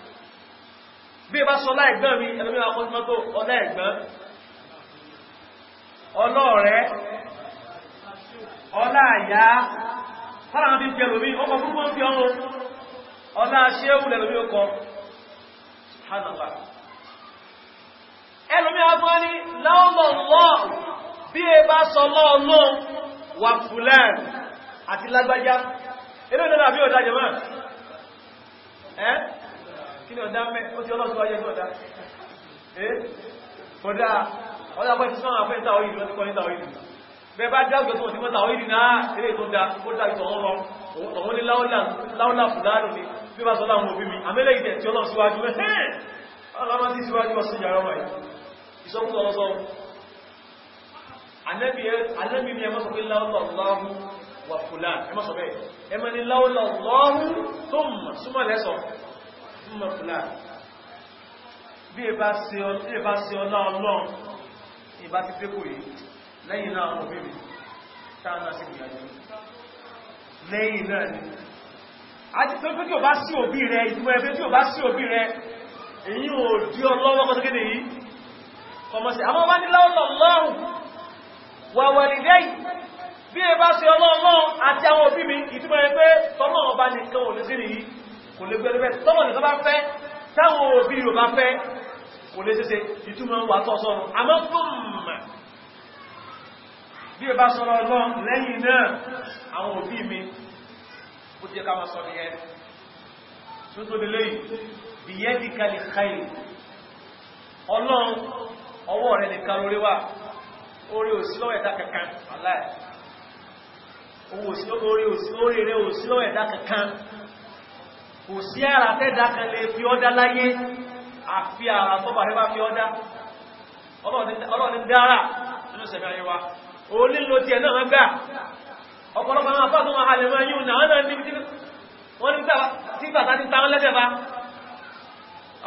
bí i bá sọ láìgbọ́n mi ẹlòmí wa kọ́ mọ́tò ọlẹ́ẹ̀gbọ́n ọlọ́ọ̀rẹ́ ọláàyá fáwọn ọlá ṣéhù lẹ́lòmí ọkọ̀ bí i e bá sọ lọ́ọ̀lọ́ wà fúlẹ̀ àti lágbájá ẹlòmí ọdá jẹ kí ni ọ̀dá mẹ́ ó ti ọlọ́sọ ní ọ̀dá eh kọ̀dá ọlọ́pẹ́ ti sọ́nà fẹ́ ìtàwọ̀ ìlú lọ́tíkọ́ ní ìtàwọ̀ ìlú bẹ bá dágbẹ̀ tó ti mọ́ ìtàwọ̀ ìlú náà ilé tó dá ó dá ìtọ̀ ọ̀rọ̀ òun ní láúlà fùlárò ní bí bá sọ́lá ọmọ bíbí àmẹ́lẹ̀ ìdẹ̀ tí ọlọ́ síwájú ọlọ́mọ́ sí síwájú ọsùn yàrá wáyé ìsọ́kùn ọlọ́sọ́ alẹ́bí ni ẹmọ́sọ̀ pé láúlà ọlọ́run wà fùlá súnmọ̀ fúlàn bí ẹ bá ṣe ọlá ọlọ́run ìbá ti pépò yìí lẹ́yìn náà ọmọ bèbè tánà sí ìgbìyànjú lẹ́yìn náà ni àti tó pé tí ò bá sí òbí rẹ ìtumọ̀ ẹgbẹ́ tí ò bá sí òbí rẹ èyí ò dí ọlọ́wọ́ kọ́sọ́gẹ́dẹ̀ yìí kọmọ̀sí àwọn bá nílá ọlọ́run wà wàlìdẹ́ bí ẹ bá ṣe ọlọ́run àti àwọn òbí mi ìtumọ̀ ẹgbẹ́ tọ́lọ́run bá nìkan ò lè sí nìyí kò lè gbẹ́lú bẹ́ẹ̀ tọ́mọ̀ nìkan bá fẹ́ táwọn òbí rò bá fẹ́ kò lè ṣeṣe ìtumọ̀ wà tọ́ sọ́run àmọ́ fúnmà bí ẹ bá sọ́rọ̀ ọlọ́run lẹ́yìn náà àwọn òbí mi ó jẹ́ ká máa sọ ní ẹ tó tó lélẹ́ ìyẹ́dì kalẹ̀ káyì ọlọ́run ọwọ́ rẹ̀ nìkan lórí wà orí òsí lọ́wọ́ ẹ̀dá kankan aláì owó orí òsí lọ́wọ́ ẹ̀dá kankan kò sí ara tẹ́dá kan lè fi ọ́dá láyé àfi ara tó bàrẹ́ bá fi ọ́dá ọlọ́ni dára nínú sẹ̀mí ayé o ó nílò tí ẹ̀ náà wọ́n gbà ọ̀pọ̀lọpọ̀ àwọn afọ́ tó máa halẹ̀ máa yíò náà náà níbi wọ́n ní tí bàtà ti táwọn lẹ́sẹ̀ bá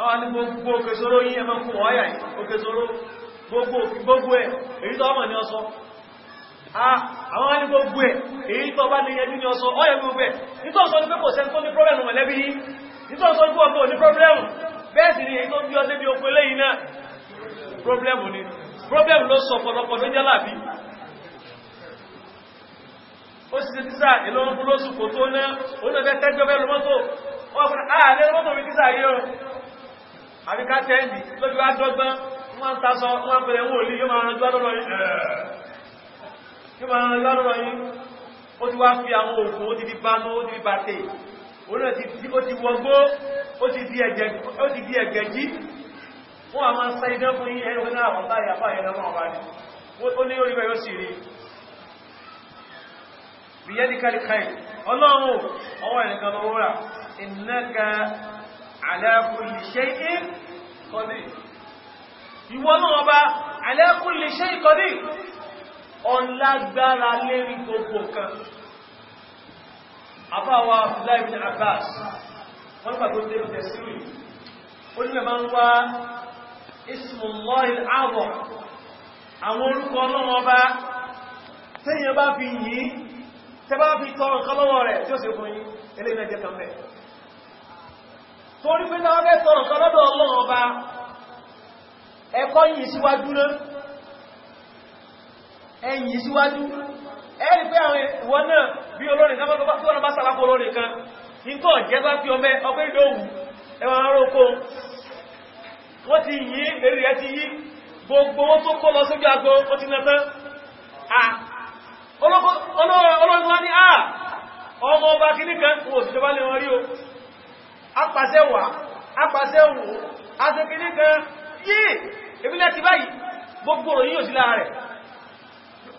àwọn ní gbogbo òkèsoro yí ẹmọ fún ọ̀ọ́yà òkèsoro gbogbo ẹ̀ èyí tó ọmọ ni ọ sọ Ah, àwọn wá ní gbogbo ẹ̀ èyí tó bá ní ẹjú ní ọsọ ọyẹ gbogbo ẹ̀ nítọ́sọ ní pé kò sẹ́ni tó ní pọ́blẹ̀mù mọ̀lẹ́bí yìí nítọ́sọ ní pọ́blẹ̀mù ní pọ́blẹ̀mù bẹ́ẹ̀ sì ni èyí tó bí ọdé bí okun eléyìí náà pọ́blẹ̀mù ni pọ́blẹ̀mù ló sọ pọ̀lọpọ̀ tó jálàbí ó sì tísà ìlọ́run fún lóṣù kò tó ná oníṣẹ́ tẹ́gbẹ́fẹ́ lọ́mọ́tò ọkùnrin ah, ààrẹ lọ́mọ́tò mi tísà yìí rọ àbíká tẹ́ẹ̀lì lójú wá dọ́gbọ́n wọ́n ń tasọ wọ́n pẹ̀lẹ̀ wọ́n ò lè yóò máa rán jọ́ lọ́rọ̀ kí ma rán lọ́rùn wáyé ó ti wá fi àwọn òkun ó ti di bánú ó ti di bàtẹ̀ ó ti wọgbó ó ti di ẹ̀gẹ̀ jí wọ́n a máa sá idán fún yí ẹnu náà wọ́n táyà fà ẹ̀nà wọn wá ní ah, ó ní orí bẹ̀rẹ̀ sí ọba ala kulli shay'in qadir ọlágbára lérí gbogbo kan àbáwa Abdullahi bin Abbas wọ́n nígbà tó dé lọ́tẹ̀ sí rí ó nílẹ̀ máa ń wá ismullahi al-azam àwọn orúkọ ọlọ́wọ́ bá tẹ́yìn bá fi yìí tẹ́bá fi tọ́ nǹkan lọ́wọ́ rẹ̀ tí ó sì fún yí eléyìn ẹjẹ́ kan bẹ̀ torí pé yìí síwájú náà ẹ̀yìn síwájú ẹ̀rí pé àwọn ìwọ náà bí olórin kan bá tó wọ́n bá kan nígbọ́ jẹ́ bá fi ọmọ ọgbẹ́ ìdóhùn ẹwà aróko wọ́n ti yí eré rẹ̀ ti yí gbogbo wọn tó kó lọ sójú àgbò ó ti nàtán gbogbo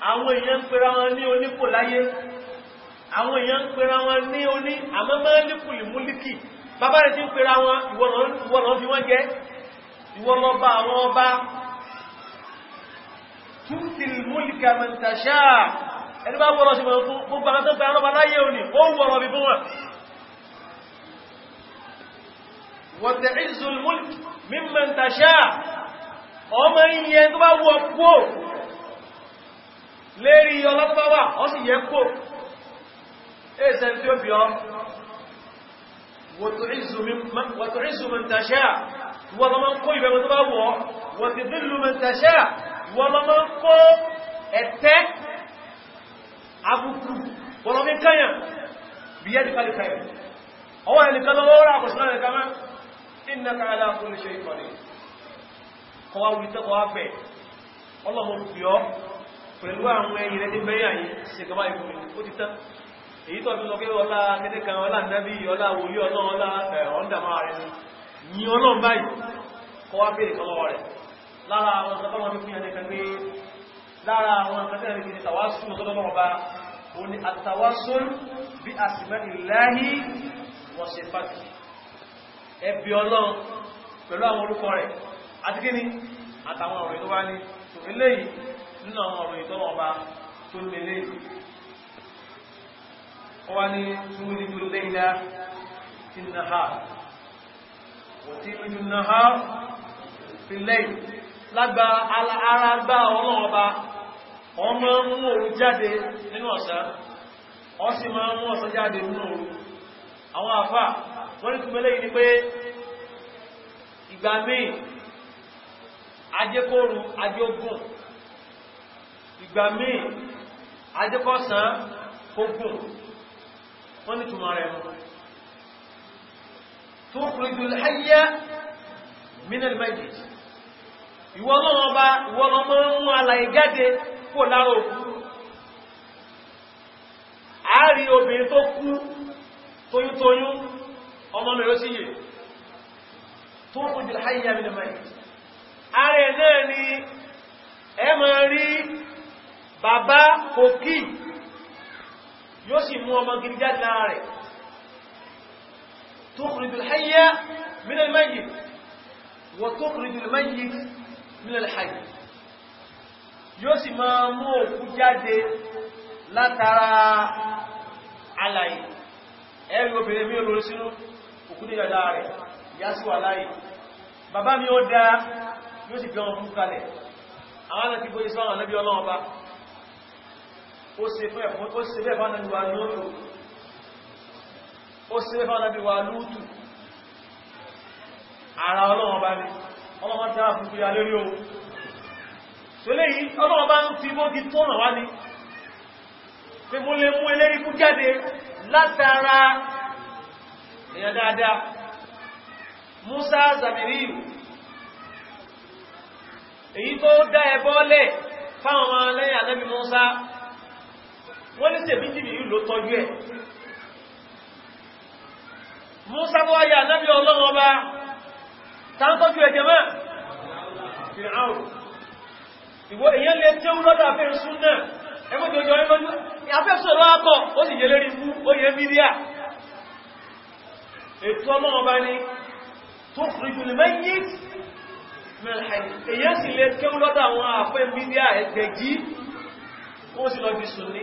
àwọn èèyàn ń pera wọn ní onípò láyé àwọn èèyàn ń pera wọn ní oní àmọ́ máa nípò ìmúlíkì bàbá rẹ̀ ti ń pera wọn ìwọ̀nà fi wọ́n jẹ́ ìwọ̀nà àwọn ọba tútìl múlíkà mẹ́ntàṣá ẹni bá wọ́rọ̀ sí wọn fún gbogbo lérí ọlọ́pàá ọ sì yẹ kó ẹ̀ẹ́sẹ̀ tí ó fi ọ wàtùrísù mẹ́ntàṣẹ́ wọ́n lọ máa ń kó ìbẹ̀mọ̀ tó bá wọ́ wàtùrísù mẹ́ntàṣẹ́ wọ́n lọ máa ń kó ẹ̀tẹ́ abúkú wọ́n lọ pẹ̀lú àwọn ẹ̀yìn rẹ̀ ní bẹ́yà yìí ṣe kọba ìfún ó ti tán èyí tó fi lọ pé ọlá kẹ́kẹ́ kan ọlá nẹ́bí ọlá wòlíì ọlọ́run ọlá ọ̀ndàmá rẹ̀ ní ọlọ́run báyìí kọ́ wá bèèrè kọlọ́wọ́ rẹ̀ lára àwọn ọ̀sán tó fi hàn nìkan pé lára àwọn ọ̀sán tẹ́lẹ̀ fi tàwásùn ọ̀sán lọ́wọ́ bá ó ní àtàwásùn bí àsìmẹ́lì láhí wọ́n ṣe fàtì ẹbí ọlọ́run pẹ̀lú àwọn orúkọ rẹ̀ àti kíni àtàwọn ọ̀rọ̀ ìlú wá ní tòun eléyìí nínú àwọn ọ̀rọ̀ ìtọ́wọ̀ ọba tó lélẹ̀ ó wá ní túnmùlìdú lẹ́yìnlá ti nàhà wọ̀tí lójú nàhà fi lẹ́yìn lágbà ara gbá ọlọ́run ọba wọ́n máa ń mú òru jáde nínú ọ̀sán wọ́n sì máa ń mú ọ̀sán jáde nínú òru àwọn àfà wọ́n ní túnmẹ́lẹ̀ yìí ni pé ìgbà míì ajẹ́kóòrùn ajẹ́gùn ìgbà míì adékọ́sán ogun wọ́n ní túnmọ̀ rẹ̀ mú tó kùrìjù láyé minal majid ọba obìnrin tó kú ọmọ mẹ́rọ sí yìí tó kùrìjù láyé minal majid ààrẹ náà ni ẹ bàbá kòkí yóò sì mú ọmọ gidi jáde lára rẹ̀ tukhriju al-hayya min al-mayyit wa tukhriju al-mayyit min al-hayy yóò sì máa mú òkú jáde látara alàyè ẹ̀rí obìnrin mí olórí sínú òkú ní ìyàdá rẹ̀ ìyá sí ó ṣe bẹ́ẹ̀ fún ànábì wa lóòtù ó ṣe bẹ́ẹ̀ fún ànábì wa lóòtù ara ọlọ́wọ́n bá ní ọlọ́wọ́n tí a fún fi alérí o tó lè yí ọlọ́wọ́n bá ń fi bóti tọ́nà wá ní pé mo lè mú eléri kú jáde látara èèyàn dáadáa Musa Zamiriyu èyí tó dá ẹbọ lẹ̀ fáwọn lẹ́yìn ànábì Musa wọ́n ní sèbí jìbìrì ló tọ́jú ẹ̀ Musa wọ́n ayé ànábì ọlọ́run ọba táńtọ́jú ẹ̀jẹ̀ mọ́ Fir'aun ìwọ èyàn lè tẹ́ ń lọ́dọ̀ àfẹ́ ìsún náà ẹgbẹ́jọ ọjọ́ ẹgbẹ́jú àfẹ́ sọ̀rọ̀ akọ̀ ó sì yẹ lérí fún oyè bídíà ètò ọmọ ọba ni tó fìrìjùlì mẹ́yí èyàn sì lè tẹ́ ń lọ́dọ̀ àwọn àfẹ́ bídíà ẹgbẹ̀jí ó sì lọ bí sùn ní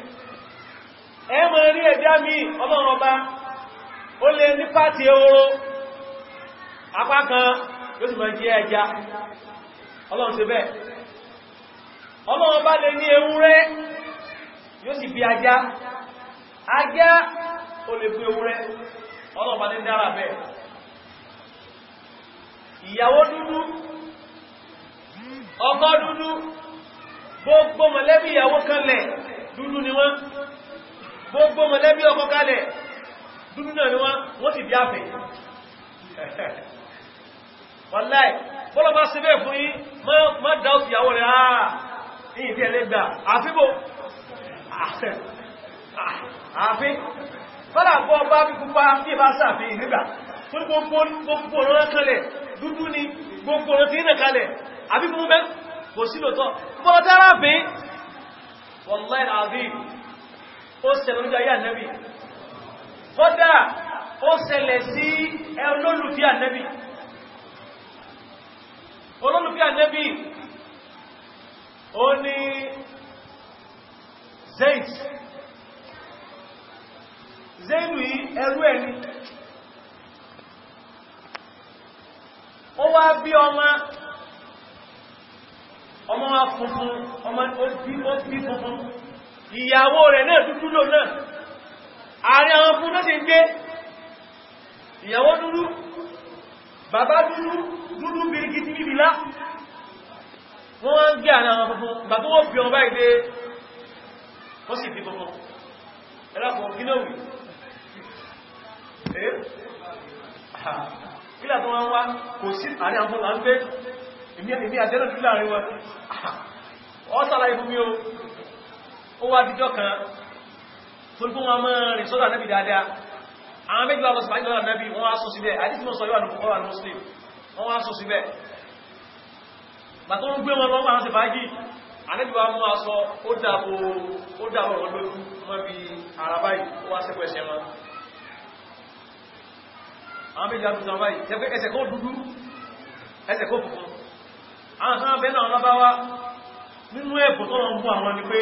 ẹ mọ̀ rí ẹ̀dá mi ọlọ́run ọba ó lè ní pàtí apá kan ló sì mọ̀ jẹ́ ẹja ọlọ́run ṣe bẹ́ẹ̀ ọlọ́run lè ní ewúrẹ́ yóò sì bí ajá ajá ó lè bí ewúrẹ́ ọlọ́run dára bẹ́ẹ̀ ìyàwó dúdú ọkọ dúdú gbogbo mọ̀lẹ́bí ìyàwó kan lẹ̀ dúdú ni gbogbo mọ̀lẹ́bí ọkọ kalẹ̀ dúdú náà ni wọ́n wọ́n ti bí àfẹ́ wọ́láì bọ́lọ̀ bá síbẹ̀ fún yí má dá òsì àwọn rẹ̀ àà ní ìfẹ́ ẹlẹ́gbà àfíbò àfí fọ́lá bọ́ bá bí pupa bí ìbá sàfí nígbà fún gbogbo ọ̀rọ̀ kalẹ̀ dúdú ni gbogbo ọ̀rọ̀ tí ń kalẹ̀ àbí mú mẹ́ kò sílò tọ́ bọ́lọ̀ tẹ́rà bí wọ́láì àdíì ó ṣẹlẹ̀ lójú ayé ànẹ́bì kódà ó ṣẹlẹ̀ sí olólùfẹ́ ànẹ́bì olólùfẹ́ ànẹ́bì ó ní zayd zayd yìí ẹrú ẹni ó wá bí ọmọ ọmọ wa funfun ọmọ ó bí funfun ìyàwó rẹ̀ náà dúdú lò náà ààrẹ àwọn fún náà ti gbé ìyàwó dúdú bàbá dúdú dúdú birikiti bíbílá wọ́n wá ń gbé àrẹ àwọn funfun bàbá wọ́n fi ọba ìdé ó sì fi funfun ẹlọ́pọ̀ gínàwì kílà tó wọ́n wá kò sí àrẹ àwọn fún láńgbé ìmí àjẹ́lẹ̀ ó wá díjọ́ kan tolúkún wọn máa rìn sọ́dọ̀ anábì dáadáa àwọn méjì wà lọ sípàdé lọ́dọ̀ anábì wọ́n wá sùn síbẹ̀ àdísì mọ́ sọ muslim wọ́n wá sùn síbẹ̀ bàtọ́ ń gbé wọn lọ́wọ́ àwọn sípàdé anábì wa mú aṣọ ó dàbò ó dàbò ọ̀rọ̀ lójú wọn bí ara báyìí ó wá sẹ́kọ̀ ẹsẹ̀ wọn àwọn méjì wà tuntun báyìí sẹ́kọ̀ ẹsẹ̀ kó dúdú ẹsẹ̀ kó funfun àwọn nínú ẹ̀bùn tó lọ mú àwọn ni pé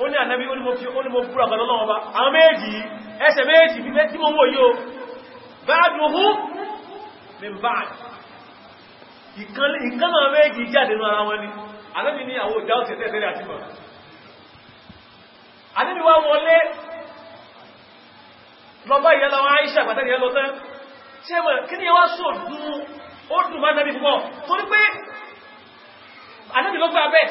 ó ní ànábí olùmọ̀ búra pẹ̀lú ọlọ́wọ́ bá àwọn méjì ẹsẹ̀ méjì bí mẹ́ tí mo wò yóò báàdù hú mẹ́bàájì ìkánà méjì jáde ní ara wọn ni ànábí ní àwọn òjá òsẹ̀ tẹ́ẹ̀tẹ́rẹ́ àti mọ̀ ànábí wá wọlé lọ́bá ìyá láwọn Aisha pàtàkì ẹlọ tán tí ẹmọ̀ kí ni wá sọ dùn ó dùn má nábi púpọ̀ torí pé ànábí lọ́gbà bẹ́ẹ̀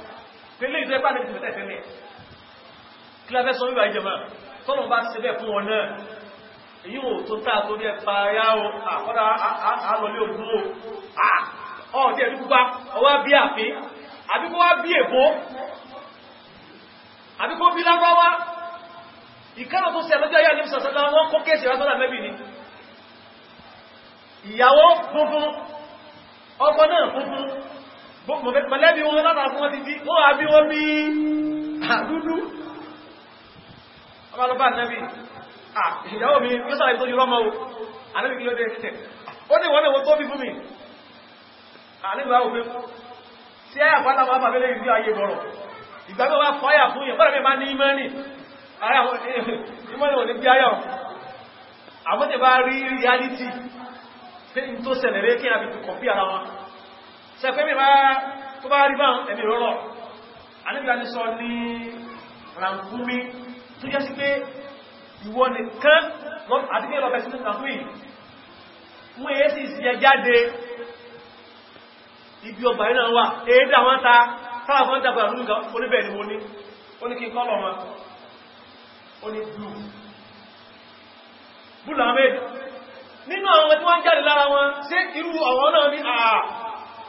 tẹ́lẹ̀ ìjọ ipá nẹ́bí ti fẹ́ tẹ́lẹ̀ kí la fẹ́ sọ wíwá ìjọba tọ́lọ̀ bá ṣe bẹ́ẹ̀ fún wọn náà èyí wò tó tá a torí ẹ pa ya o àkọ́dá àlọ́lé òkú o ọ̀dẹ̀ ẹ̀rí pupa ọwá bí àfin àbíkó wá bí èbó àbíkó bí lágbáwá ìkánà tó ṣe lọ́jọ́ ayá ní sọ̀sọ́lá wọn kó kéèsì rásọ́lá mẹ́bì ni ìyàwó funfun ọkọ náà funfun mọ̀lẹ́bí wọn látà fún wọn ti tí wọ́n àbí wọ́n bí àdúdú ọmọlọ́bá nẹ́bí ìyàwó mi yóò sọ́rọ̀ ìtọ́jú rọ́mọ́ o anẹ́bí kí ló dé ó ní wọ́n tó bí fún mi anẹ́bí wọ́n fẹ́ sí ẹ̀yà pátá wọ́n fàbẹ́lẹ̀ ìdí ayé bọ̀rọ̀ ìgbàgbọ́ wá fọ́yà fún yẹ̀ bọ́rọ̀ mi máa ní ìmọ́ni ìmọ́ni wọ́n ní bí ayọ̀ àwọn tẹ̀ bá rí reality pé n tó ṣẹlẹ̀ rẹ́ kí a fi kọ̀pí ara wọn sẹ́pẹ́ mi máa tó bá rí báhùn ẹ̀mí rọ́rọ̀ alẹ́bíà ní sọ ní ràǹkúmí tó jẹ́ sí pé ìwọ nìkan àdígbé lọ bẹ̀sí ràǹkúmí mú èé sì sí ẹ jáde ibi ọgbà iná wà èédà wọn ta táwọn fọ́n dàgbà lórí kan oníbẹ̀ ni mo ní ó ní kí n kọ́lọ̀ wọn ó ní blue blue làwọn méjì nínú àwọn tí wọ́n jáde lára wọn ṣé irú ọ̀wọ́ náà ní àà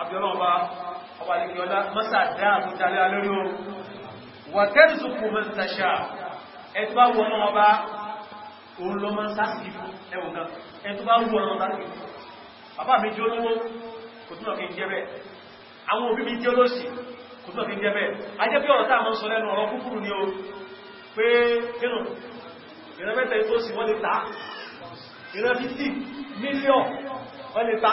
abiola ọba ọba alikiola mọ́sá dá àtúntàlẹ́ alórí o wà tẹ́rìsùkù mẹ́sàṣà ẹtùbá wọn ọba òun lọ mọ́ sáàkì ẹwùn náà ẹtùbá wọn ọba bàbá mi jẹ́ olówó kò túnà kí n jẹ́ bẹ́ẹ̀ àwọn òbí mi jẹ́ olóòsì kò a jẹ́ pé ọ̀rọ̀ táà mọ́ sọ lẹ́nu ọ̀rọ̀ kúkúrú ni o pé kínú ìrẹ́mẹ́tẹ̀ tó sì wọ́n lè ta ìrẹ́ 50 mílíọ̀n wọ́n lè ta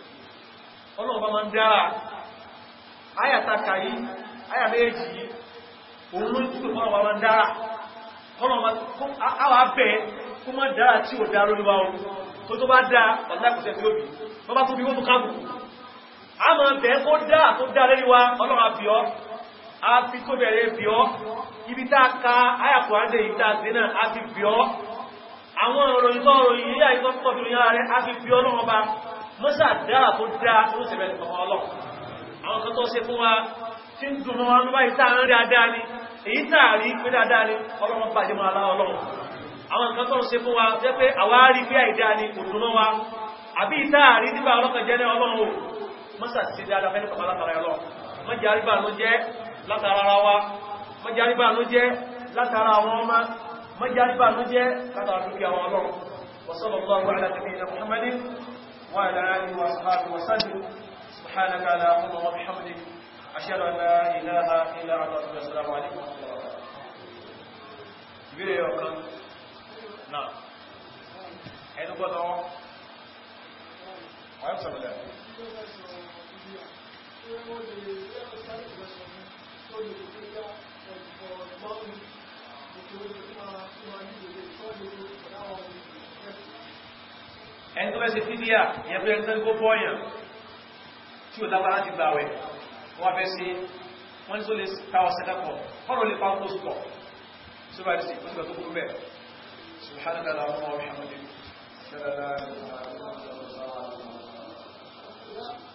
ọlọ́ọ̀bá máa ń dára ayàtaka yìí ayà méjì yìí òun ló túnbò ọlọ́ọ̀bá máa ń dára àwọn abẹ́ kó máa dára tí ò dára lórí báwọn tó tó bá dá ọ̀dákùsẹ̀ tí ó bí wọ́n bá tó bí wọ́n tó káàkù a máa bẹ̀ẹ́ kó dá tó dá lórí wa ọlọ́run àbíọ́ a fi tó bẹ̀rẹ̀ bíọ́ ibi tá ka ayàkùn àdé ìta àdínà a fi bíọ́ àwọn ìròyìn tó ròyìn yíyà ìtọ́pọ̀ mọ́sá dáa tó dáa tó sì bẹ̀rẹ̀ kọ̀kọ́ ọlọ́ àwọn kan tó ṣe fún wa tí ń dùn wọn lọ́wọ́ ìta ń rí adáa ni èyí tààrí pé dáadáa ni ọlọ́wọ́ bàjẹ́ mọ́ aláwọ̀ ọlọ́run àwọn kan tó ṣe fún wa jẹ́ pé àwárí bí àìdáa ni kò dùn wa àbí ìtaàrí nígbà ọlọ́kan jẹ́ ọlọ́run o mọ́sá ti dáadáa fẹ́ nípa látara ọlọ́run mọ́jà àríbà jẹ́ látara ọlọ́run وصلى الله على نبينا محمد وعلى آله وأصحابه وسلم سبحانك اللهم وبحمدك أشهد أن لا إله إلا أنت السلام عليكم ورحمة الله وبركاته ìbéèrè ọ̀kan náà ẹnu gbọ́dọ̀ wọn wọ́n Thank you. ẹni tó bẹ́ ṣe fídíà yẹn fẹ́ ẹni tó bọ́ọ̀yàn tí ò dábàá láti gbà wẹ̀ wọ́n fẹ́ ṣe wọ́n ní tó lè ta ọ̀sẹ̀ dàpọ̀ ọ̀rọ̀ lè pa ń kóso pọ̀ sí bá ṣe wọ́n ti gbà tó kúrú bẹ́ẹ̀ subhanahu wa ta'ala wa rahmatulahi